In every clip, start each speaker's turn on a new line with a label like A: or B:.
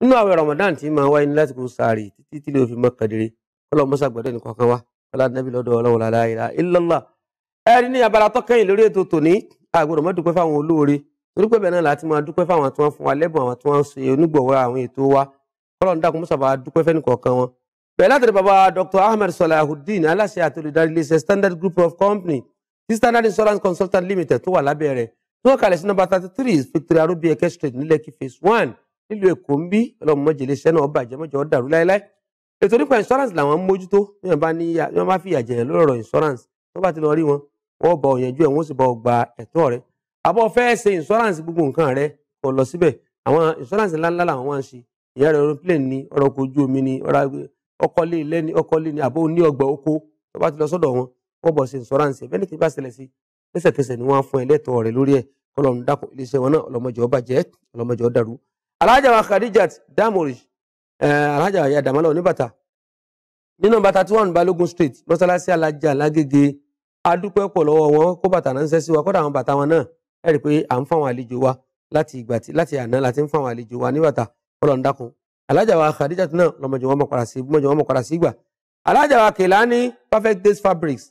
A: nínú àwẹ̀ Ramadan tí máa wáyé ní lásìkò sàárì títí tí lè fi mọ kàdìrí Ọlọ́run mọsà gbọ́dọ̀ nìkan kan wá ọlá nàbí lọ́dọ̀ Ọlọ́run làlá ìlà ìlọlá ẹni ní abala tọkẹyìn lórí ètò tòní àgbọ́dọ̀ mọ dúpẹ́ fáwọn olóore torí pé bẹ́ẹ̀ náà láti máa dúpẹ́ fáwọn tí wọ́n fún wa lẹ́bùn àwọn tí wọ́n ṣe onígbọ̀wọ́ àwọn ètò wa Ọlọ́run dàkún mọsà bá dúpẹ́ fẹ nìkọ̀ọ̀kan wọn bẹ́ẹ̀ látọ̀dọ̀ bàbá Dr. Ahmed Salahuddin aláṣẹ àti olùdarí iléeṣẹ́ Standard Group of Company ti Standard Insurance Consultant Limited tó wà lábẹ́ rẹ̀ tó wà thirty three Victoria Rubi Eke Street nílẹ̀ phase one nílùú èkó ń bí ọlọ́run mọ́jẹ iléeṣẹ́ náà bàjẹ́ mọ́jọ dàrú láéláé ètò nípa insurance làwọn ń mójútó bí wọ́n bá ní bí wọ́n bá fi ìyàjẹ̀yàn lórí ọ̀rọ̀ insurance tó bá ti lọ rí wọn wọ́n bá ọ̀yànjú ẹ̀ wọ́n sì bá ọ gba ẹ̀tọ́ rẹ̀ àbọ̀ fẹ́ ṣe insurance gbogbo nǹkan rẹ̀ kò lọ síbẹ̀ àwọn insurance ńláńlá làwọn wá ń ṣe ìyá rẹ̀ aeroplane ni ọ̀rọ̀ ọkọ̀ ojú omi ni ọkọ̀lé ilé ni ọkọ̀lé ni àbó ní ọgbà oko tó bá ti lọ sọ́dọ̀ wọn wọ́n bọ̀ ṣe insurance ẹ̀ bẹ́ẹ̀ ni bá ṣẹlẹ̀ sí ni wọ́n á fún ẹ lẹ́tọ̀ọ́ rẹ̀ lórí ẹ̀ kọ́lọ́run alájà wa Khadijat Damori eh, alájà wa Yadamala oníbàtà ni bàtà tí wọ́n ń street mọ́sálásí alájà lágége adúpẹ́ pọ̀ lọ́wọ́ wọn kó bàtà ránṣẹ́ sí wa kódà àwọn bàtà wọn náà ẹ rí i pé à ń fáwọn àlejò wa láti ìgbà tí láti àná láti ń fáwọn àlejò wa ní bàtà Ọlọ́run dákun alájà náà lọ́mọjọ wọn mọ̀ sí mọ́jọ wọn mọ̀ sí ìgbà alájà wa Kelani perfect days fabrics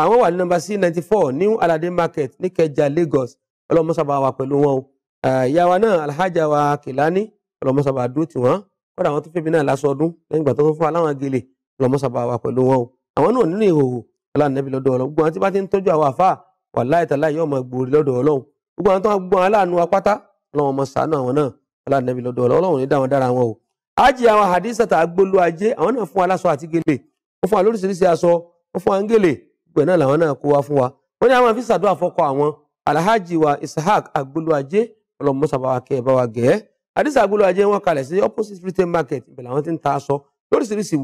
A: àwọn wà ní nọ́mbà c ninety four new alade market ní Ìkẹjà Lagos ọlọ́mọsábà wa pẹ̀lú wọn o Ah, ìyá wa náà alhaja wa kìlání ọlọmọsàbà dúró tì wọn kódà àwọn tó fẹmi náà lásán ọdún lẹ́yìn ìgbà tó tó fún wa láwọn gèlè ọlọmọsàbà wa pẹ̀lú wọn o àwọn náà nínú ìhòòhò ọlànàbí lọ́dọ̀ Ọlọ́run gbogbo àwọn tí bá ti ń tọ́jú àwọn àfa wà láìtàlá yóò máa gbòòrì lọ́dọ̀ Ọlọ́run gbogbo àwọn tó ń gbọ́ aláàánú apáta Ọlọ́run ọmọ sàánú àwọn náà ọlànàbí lọ́dọ̀ Ọlọ́run o. ájì àwọn hadisata agbolo ajé àwọn náà fún wa láṣọ àti gèlè ó fún wa lóríṣiríṣi aṣọ ó fún wa ń gèlè gbẹ náà làwọn náà kó wa fún wa wọn ní àwọn fi ṣàdúrà fọkọ àwọn wa Ishaq agbolo ọlọ́run mọ́sá bá wa kẹ́ ẹ bá wa gẹ̀ ẹ́ àdìsí ajé wọn kalẹ̀ sí opposite retail market ìbẹ̀lẹ̀ àwọn tí ń ta aṣọ lóríṣiríṣi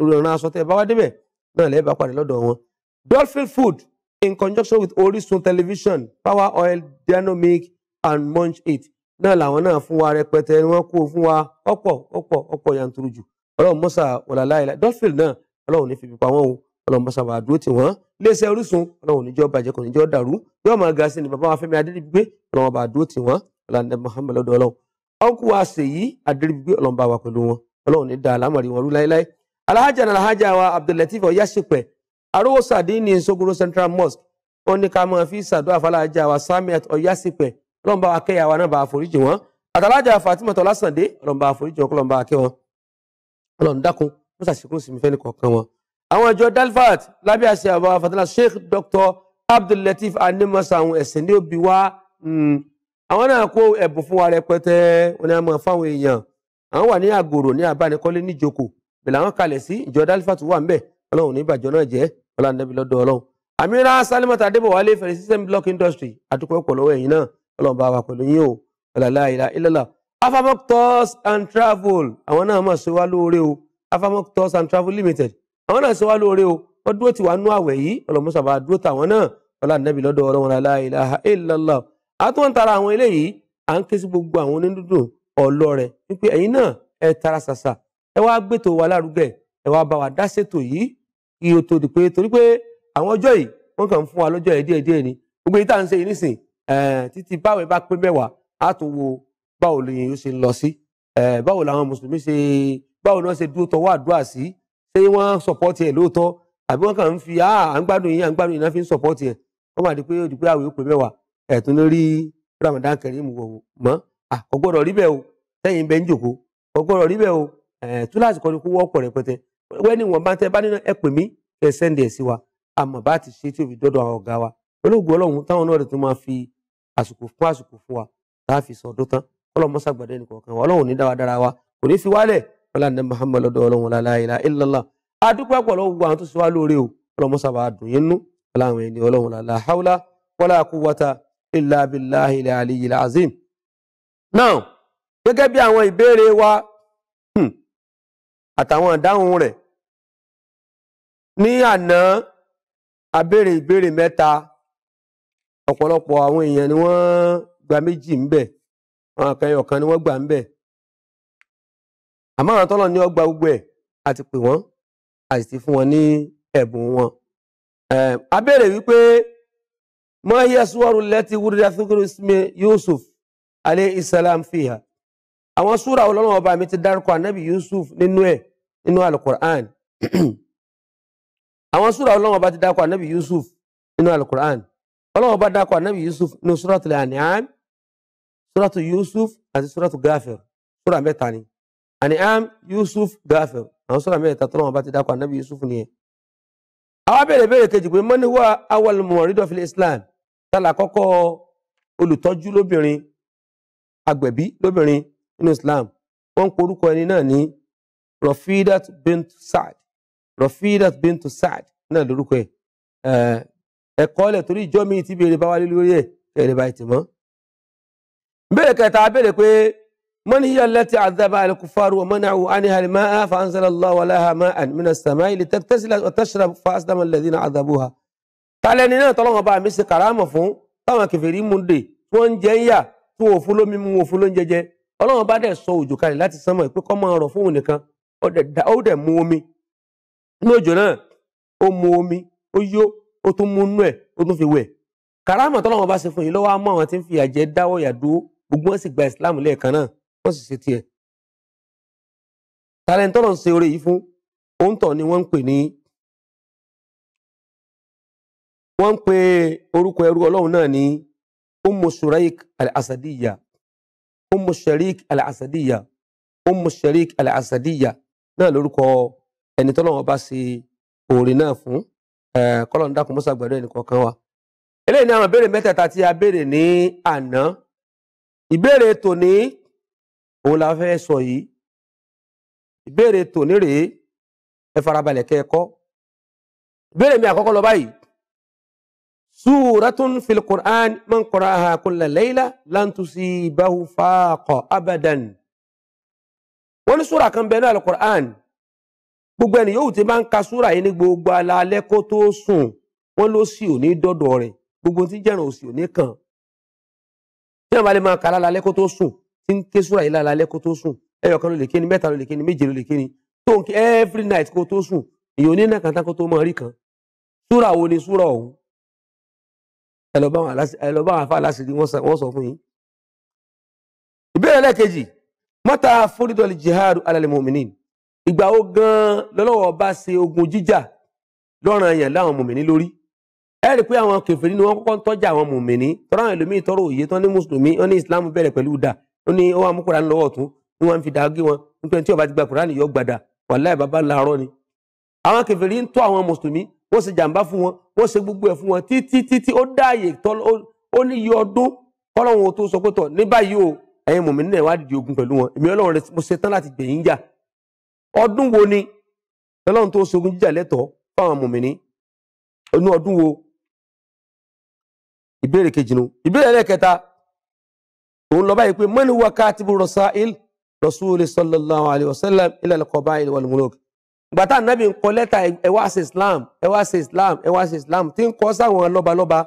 A: ìran aṣọ tẹ́ ẹ bá wá débẹ̀ náà lẹ́ẹ̀ bá pàdé lọ́dọ̀ wọn. dolphin food in conjunction with Orisun television power oil dynamic and munch eight náà làwọn náà fún wa rẹpẹtẹ wọn kó fún wa ọ̀pọ̀ ọ̀pọ̀ ọ̀pọ̀ yanturu jù ọlọ́run mọ́sá wàlàláìlá dolphin náà ọlọ́run ní fìbí pa wọn o ọlọ́run mọ́sá wà dúró tì wọ́n iléeṣẹ́ Orísun ọlọ́run níjọ́ bàjẹ́ kò níjọ́ dàrú yóò máa ga sí ni bàbá wa Fẹ́mi Adédìgbé ọlọ́run bá dúró tì wọ́n ọlànà Muhammad lọ́dọ̀ Ọlọ́run ọkù wa ṣèyí adéríbigbé Ọlọ́run bá wa pẹ̀lú wọn Ọlọ́run ní dáa lámàrí wọn rú láéláé alhaja náà alhaja wa Abdullateef ọyáṣepẹ arówó sàdínì Sogoro Central Mosque wọn ní ká máa fi ṣàdúrà fàlàjà wa Samiat ọyáṣepẹ Ọlọ́run bá wa kẹyà wa náà bá àforíjì wọn àtàlájà Fatima Tọ́lásàndé Ọlọ́run bá àforíjì wọn kọlọrun bá wa kẹ wọn Ọlọ́run dákun wọn ṣàṣekúrò sí mi fẹ́ nìkọ̀ọ̀kan wọn àwọn ìjọ Dalfat lábẹ́ àṣẹ àbá Fatalá Sheikh Dr Abdullateef Animasa àwọn ẹ̀sìn ní òbí wa àwọn náà kó ẹ̀bùn fún wa rẹpẹtẹ wọn ni a máa fáwọn èèyàn àwọn wà ní àgòrò ní abánikọ́lé níjòkó bẹ̀lẹ̀ àwọn kalẹ̀ sí ìjọ dálífàtú wà ńbẹ̀ ọlọ́run ní ìbàjọ́ náà jẹ́ ọlọ́nàbí lọ́dọ̀ ọlọ́run. amira salimata adébọ̀wálé fẹ̀rẹ̀ system block industry àdúpọ̀ ọ̀pọ̀ lọ́wọ́ ẹ̀yin náà ọlọ́run bá wa pẹ̀lú yín o ọ̀làlá ìlà ìlàlá afamok tours and travel àwọn náà máa ṣe wá lóore o afamok tours and travel limited àwọn náà ṣe wá lóore o wọ́n dúró tiwa nú àwẹ̀ yìí ọlọ́mọṣàbà dúró tàwọn náà ọlọ́nàbí lọ́dọ̀ ọlọ́run ọ̀làlá ìlà ìlàlá àtúwọ̀n ń tara àwọn eléyìí à ń ké sí gbogbo àwọn onídùúdù ọlọ́rẹ̀ wípé ẹ̀yin náà ẹ tara ṣàṣà ẹ wá gbètò wa lárugẹ ẹ wá bá wa dá ṣètò yìí iye tó di pé torí pé àwọn ọjọ́ yìí wọ́n kàn ń fún wa lọ́jọ́ yìí díẹ̀ díẹ̀ ni gbogbo yìí tá à ń ṣe yìí nísìn títí báwo bá pé mẹ́wàá á tún wo báwo lèyìn ó ṣe lọ sí báwo làwọn mùsùlùmí ṣe báwo ni wọ́n ṣe dúró tọwọ́ àdúrà sí ṣé wọ́n sọ̀pọ́tì ẹ̀ lóòótọ́ àbí wọ́n kàn ń fi à yìí à yìí náà fi ń sọ̀pọ́tì ẹ̀ wọ́n máa di pé ó di pé àwẹ̀ pé mẹ́wàá ẹ̀tún lórí Ramadan Kareem wò mọ́ kò gbọ́dọ̀ rí o sẹ́yìn bẹ́ẹ̀ ń jòkó kò gbọ́dọ̀ rí bẹ́ẹ̀ o túláàsì kọ́ni kó wọ́pọ̀ rẹpẹtẹ wẹ́ni wọn bá ń tẹ́ bá nínú ẹ pè mí ẹ sẹ́ndì ẹ̀ sí wa àmọ́ bá ti ṣe tí òbí dọ́dọ̀ àwọn ọ̀gá wa olóògùn ọlọ́run táwọn náà rẹ̀ tó máa fi àsìkò fún àsìkò fún wa tá a fi sọ ọdún tán ọlọ́run mọ́sàgbàdé nìkan kan wa ọlọ́run ní dáradára wa kò ní fi wálẹ̀ ọlọ́run Muhammad lọ́dọ̀ ọlọ́run la ilaha illallah adúpẹ́ pọ̀ lọ́wọ́ gbogbo àwọn tó ṣe wá lóore o ọlọ́run mọ́sàbà dùn yín nú ọlọ́run ẹni ọlọ́run la hawla wala illa billahi al-aliyyil azim. now gẹ́gẹ́ bí àwọn ìbéèrè wa hmm, àtàwọn ìdáhùn rẹ̀ ní àná a béèrè ìbéèrè mẹ́ta ọ̀pọ̀lọpọ̀ àwọn èèyàn ni wọ́n gba méjì ń bẹ̀ àwọn akẹ́yọ̀ kan ni wọ́n gbà ń bẹ̀ àmọ́ àwọn tọ́lọ̀ ní ọgbà gbogbo ẹ̀ a pè wọ́n a ti fún wọn ní ẹ̀bùn wọn. a wípé ما هي الصور التي ورد ذكر اسم يوسف عليه السلام فيها àwọn súra ọlọ́run ọba mi ti dárúkọ ànábì yusuf nínú ẹ̀ nínú alukur'an àwọn súra ọlọ́run ọba ti dárúkọ ànábì yusuf nínú alukur'an ọlọ́run ọba dárúkọ ànábì yusuf nínú súratu al-an'am súratu yusuf àti súratu gáfẹ̀r súra mẹ́ta ni an'am yusuf gáfẹ̀r àwọn súra mẹ́ta tọ́lọ́run ọba ti dárúkọ ànábì yusuf nìyẹn. àwa béèrè béèrè kejì pé mọ́ni wà awal muwaridu fil islam tálà kọ́kọ́ olùtọ́jú lóbìnrin agbẹ̀bí lóbìnrin nínú Islam wọ́n ń porúkọ ẹni náà ní Rafidat bint Saad Rafidat bint Saad náà lórúkọ ẹ ẹ̀kọ́ ọ̀lẹ̀ torí ìjọ mi ti béèrè bá wálé lórí ẹ̀ kẹrẹ báyìí tì mọ́. béèrè kẹta béèrè pé man hiya allati azaba al-kufaru wa mana'u anha al-ma'a fa anzala Allahu 'alayha ma'an mina as-sama'i azabuha tálẹ́ni náà tọ́lọ́wọ́n bá mi ṣe kàrámọ̀ fún táwọn kẹfìrí mú dè tí wọ́n ń jẹ́ ń yà tí wọ́n ò fún lómi mú wọn fún lóúnjẹ jẹ ọlọ́wọ́n bá dẹ̀ sọ òjò kalẹ̀ láti sánmọ̀ pé kó máa rọ̀ fún òun nìkan ó dẹ̀ mu omi ní òjò náà ó mu omi ó yó ó tún mú inú ẹ̀ ó tún fi wẹ̀ kàrámọ̀ tọ́lọ́wọ́n bá ṣe fún yìí lọ́wọ́ á mú àwọn tí ń fi àjẹ dáwọ́ yàdúró gbogbo ni wọ́n pe orúkọ ẹrú ọlọ́run náà ní umu shuraik al-asadiya umu sharik al-asadiya umu al-asadiya náà lórúkọ ẹni bá ṣe náà fún kọ́lọ́n dákun mọ́sá wa. eléyìí ni àwọn ìbéèrè mẹ́tẹ̀ẹ̀ta tí a béèrè ní àná ìbéèrè tòní òun la fẹ́ sọ yìí ìbéèrè tòní rèé ẹ farabalẹ̀ mi àkọ́kọ́ lọ سورة في القرآن من qara'aha كل ليلة لن tusibahu faqa abadan wọ́n ní súra kan bẹ̀rẹ̀ alukur'an gbogbo ẹni yòówù tí bá ń ka súra yìí ní gbogbo alaalẹ́ kó tó sùn wọ́n ló sì ò ní dọ́dọ̀ rẹ̀ gbogbo tí jẹ́ràn òsì ò ní kàn tí wọ́n bá máa kà lálẹ́ kó tó sùn tí ń ké súra yìí lálẹ́ kó tó sùn ẹyọ ló lè kéni mẹ́ta ló lè kéni méje ló lè kéni tó ń ké every night kó tó sùn èyí ò ní nàkàtà kó tó máa rí kan súra wo ni súra ọ̀hún ẹ lọ bá wọn àfa aláṣẹdí wọn sọ fún yín. ìbéèrè lẹ́ẹ̀kejì mọ́ta fúrídọ́lì jihad alal mu'minin ìgbà wo gan-an lọ́lọ́wọ́ bá ṣe ogun jíjà lọ́ràn yẹn láwọn mùmìnì lórí ẹ rí i pé àwọn kèfèrí ni wọ́n kọ́kọ́ ń tọ́jà àwọn mùmìnì tọ́ra àwọn ẹlòmíì tọ́rọ òye tán ní mùsùlùmí wọ́n ní ìsìlámù bẹ̀rẹ̀ pẹ̀lú dà wọ́n ní wọ́n amúkúra ń lọ́wọ́ tún ni wọ́n fi dà gé wọn nípa tí ó ti gba Kùránì yọ gbàdà wàláì bàbá làárọ̀ ni àwọn kèfèrí ń tọ́ àwọn mùsùlùmí wọ́n ṣe jàǹbá fún wọn wọ́n ṣe gbogbo ẹ̀ fún wọn títí títí ó dáàyè ó ní iye ọdún kọ́lọ́hún tó sọ pé tọ̀ ní báyìí o ẹ̀yin mọ̀mí náà wá dìde ogun pẹ̀lú wọn èmi ọlọ́run rẹ̀ mo ṣe tán láti gbẹ̀yìn jà ọdún wo ni ọlọ́run tó ṣe ogun jíjà lẹ́tọ̀ọ́ fáwọn mọ̀mí ní inú ọdún wo ìbéèrè kejì nu ìbéèrè ẹlẹ́kẹta òun lọ báyìí pé mọ́ni wákàtí bu rọ̀ṣà il rọ̀ṣúlẹ̀ sallallahu alayhi wa sallam gbàtà nàbì ń kọ lẹ́tà ẹ wá ṣe islam ẹ wá ṣe islam ẹ wá ṣe islam tí ń kọ sáwọn lọ́balọ́ba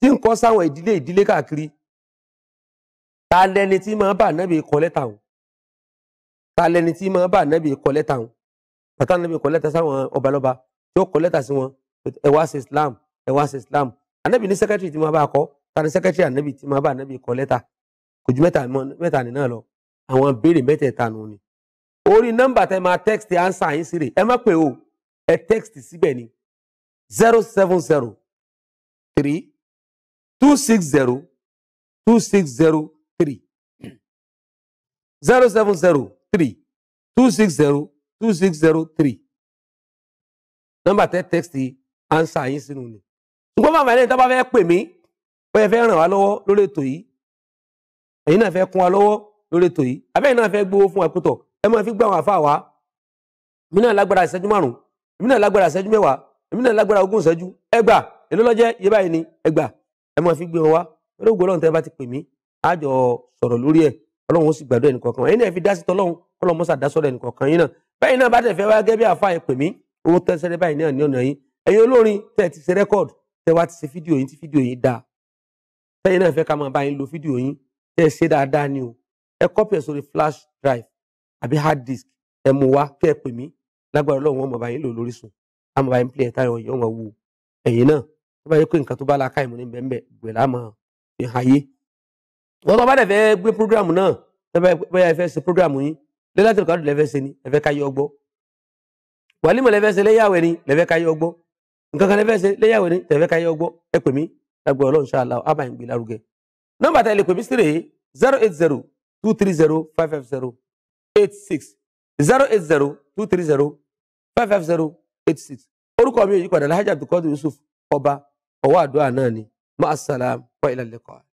A: tí ń kọ sáwọn ìdílé ìdílé káàkiri ta lẹni tí máa bá nàbì kọ lẹ́tà wọn ta lẹni tí máa bá nàbì kọ lẹ́tà wọn gbàtà nàbì kọ lẹ́tà sáwọn ọbalọ́ba tí ó kọ lẹ́tà sí wọn ẹ wá ṣe islam ẹ wá ṣe islam ànábì ní sẹ́kẹ́tìrì tí máa bá kọ ta ni sẹ́kẹ́tìrì ànábì tí máa bá ànábì kọ lẹ́tà kò ju mẹ́ta nínú náà lọ àwọn béèrè mẹ́tẹ̀ẹ̀ta nù ni orí nọ́mbà tẹ máa text answer yín sí rè ẹ má pè o ẹ text síbẹ̀ ni zero seven zero three two six zero two six zero three zero seven zero three two six zero two six zero three nọ́mbà tẹ text answer yín sínú ni ṣùgbọ́n bàbá ẹni tó bá fẹ́ pè mí ó yẹ fẹ́ ràn wá lọ́wọ́ lórí ètò yìí ẹ̀yin náà fẹ́ kún wa lọ́wọ́ lórí ètò yìí àbẹ́yìn náà fẹ́ gbowó fún wa pẹ́tọ̀ ẹ máa fi gbà wọn àfa wa èmi náà lágbára ìṣẹ́jú márùn èmi náà lágbára ìṣẹ́jú mẹ́wàá èmi náà lágbára ogún ìṣẹ́jú ẹgbà èló lọ́jẹ́ yé báyìí ni ẹgbà ẹ máa fi gbé wọn wá lórí ògbó ọlọ́run tẹ́ bá ti pè mí á jọ sọ̀rọ̀ lórí ẹ̀ ọlọ́run ó sì gbàdúrà ẹnì kọ̀ọ̀kan ẹ̀yin náà fi dásí tọ́lọ́run kọ́lọ́ mọ́sà dásọ̀rọ̀ ẹnì kọ̀ọ̀kan yín náà bẹ́ẹ̀ náà bá tẹ̀ fẹ́ wá gẹ́gẹ́ bí àfa ẹ̀ pè mí owó tẹ́sẹ̀rẹ́ báyìí náà ní ọ̀nà yín ẹ̀yin olórin flash drive àbí hard disk ẹ mú wá kẹ́ ẹ pè mí lágbára Ọlọ́run wọn mọba yín lò lórí sùn á mọba yín play ẹ táyọ yọ wọn wò ẹ̀yin náà tó bá yẹ pé nǹkan tó bá la ká ìmọ̀ ní bẹ́ẹ̀ bẹ́ẹ̀ láàmú fi hàn yé. wọ́n bá dẹ̀ fẹ́ gbé program náà bẹ́ẹ̀ ẹ fẹ́ ṣe program yín lẹ́láti ọ̀kadù lẹ́fẹ́ ṣe ni ẹ fẹ́ ká yọ ọgbọ́ wàlímọ̀ lẹ́fẹ́ ṣe léyàwó ni lẹ́fẹ́ ká yọ ọgbọ́ nǹkan kan lẹ́fẹ́ ṣe léyàwó ni tẹ̀fẹ́ ká yọ ọgbọ́ ẹ pè mí lágbára Ọlọ́run ṣáàlà ábàyìn gbé lárugẹ. nọ́mbà zero eight zero two three zero five five zero 86 080 230 550 86 orúkọ mi ò yípadà Alhaji Abdulkadir Yusuf ọba ọwọ́ àdúrà náà ni máa sàlám wa ilal liqa.